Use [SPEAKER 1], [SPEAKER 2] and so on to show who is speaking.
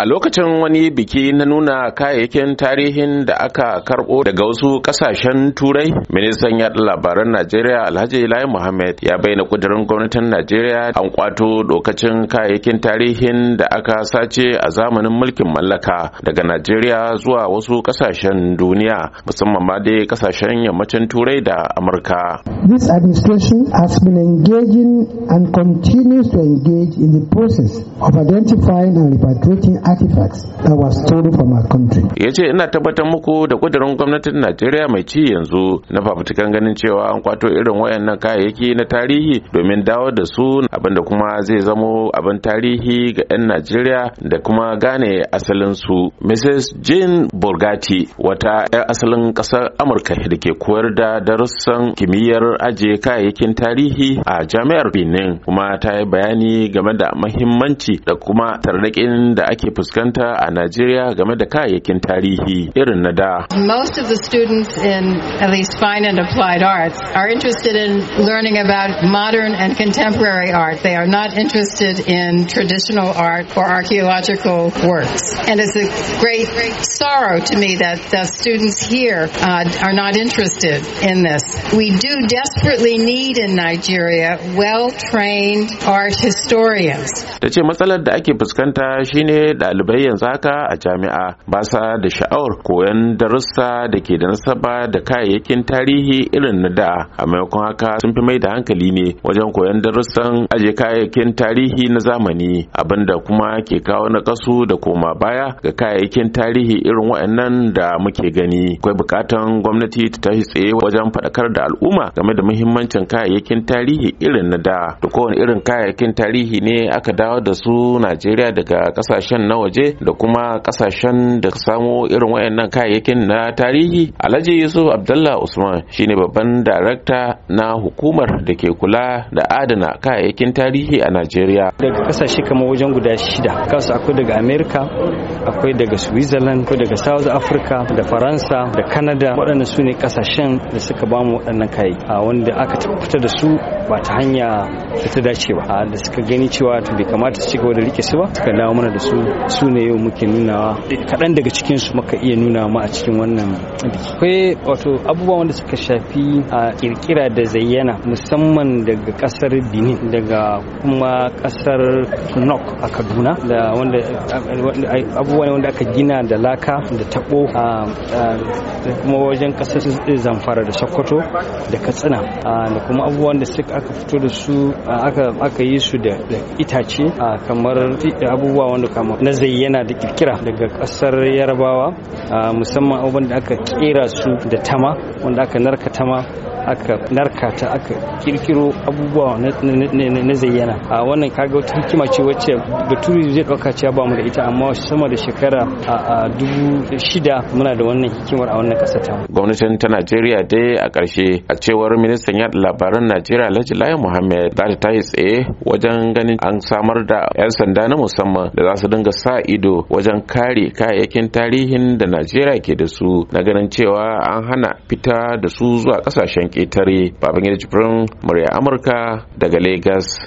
[SPEAKER 1] a lokacin wani biki na nuna kayayyakin tarihin da aka karbo daga wasu kasashen turai ministan yaɗa labaran najeriya alhaji lai muhammad ya bayyana kudirin gwamnatin najeriya an kwato lokacin kayayyakin tarihin da aka sace a zamanin mulkin mallaka daga najeriya zuwa wasu kasashen duniya musamman ma dai kasashen yammacin turai da amurka
[SPEAKER 2] this administration has been engaging and continues to engage in the process of identifying and repatriating artifacts that were stolen from our country.
[SPEAKER 1] Ya ina tabbatar muku da kudirin gwamnatin Najeriya mai ci yanzu na fafutukan ganin cewa an kwato irin wayannan kayayyaki na tarihi domin dawo da su abinda kuma zai zamo abin tarihi ga 'yan Najeriya da kuma gane asalin su. Mrs. Jane Borgati wata 'yar asalin ƙasar Amurka da ke koyar da darussan kimiyyar ajiye kayayyakin tarihi a jami'ar Benin kuma ta yi bayani game da mahimmanci da kuma tarnaƙin da ake fuskanta a Najeriya game da kayayyakin tarihi irin na da.
[SPEAKER 2] Most of the students in at least fine and applied arts are interested in learning about modern and contemporary art. They are not interested in traditional art or archaeological works. And it's a great, great sorrow to me that the students here uh, are not interested in this. We do desperately need in Nigeria well trained art historians.
[SPEAKER 1] ce matsalar da ake fuskanta shine ɗalibai yanzu haka a jami'a ba sa da sha'awar koyon darussa da ke da nasaba da kayayyakin tarihi irin na da a maimakon haka sun fi mai da hankali ne wajen koyon darussan aje kayayyakin tarihi na zamani abinda kuma ke kawo na kasu da koma baya ga kayayyakin tarihi irin waɗannan da muke gani akwai bukatan gwamnati ta tashi tsaye wajen faɗakar da al'umma game da muhimmancin kayayyakin tarihi irin na da da kowane irin kayayyakin tarihi ne aka dawo da su najeriya daga ƙasashen na waje da kuma kasashen da samo irin wayannan kayayyakin na tarihi alhaji yusuf abdullah usman shine babban darakta na hukumar da ke kula da adana kayayyakin tarihi a najeriya daga
[SPEAKER 2] kasashe kamar wajen guda shida kasu akwai daga america akwai daga switzerland akwai daga south africa da faransa da canada waɗanda su ne kasashen da suka bamu waɗannan A wanda aka fitar da su ba ta hanya da ta dace ba da suka gani cewa bai kamata su ci gaba da rike su ba suka dawo mana da su su ne yau muke nunawa kaɗan daga cikin su muka iya nuna ma a cikin wannan biki akwai wato abubuwa wanda suka shafi a kirkira da zayyana musamman daga kasar benin daga kuma kasar knok a kaduna da wanda abubuwa ne wanda aka gina da laka da tabo da kuma wajen kasar zamfara da sokoto da katsina da kuma abubuwan da suka aka fito da su aka yi su da itace kamar abubuwa wanda kamar na zayyana da kirkira daga kasar yarabawa musamman abubuwan da aka kera su da tama wanda aka narka tama aka narka ta aka kirkiro abubuwa na zayyana a wannan kaga wata hikima ce wacce baturi zai kauka cewa ba mu da ita amma sama da shekara a dubu shida muna da wannan hikimar a wannan kasa ta
[SPEAKER 1] gwamnatin ta najeriya dai a ƙarshe a cewar ministan yaɗa labaran najeriya alhaji layi muhammed za ta yi tsaye wajen ganin an samar da 'yan sanda na musamman da za su dinga sa ido wajen kare kayayyakin tarihin da najeriya ke da su na ganin cewa an hana fita da su zuwa ƙasashen ƙetare babangida jibrin murya amurka daga
[SPEAKER 2] lagos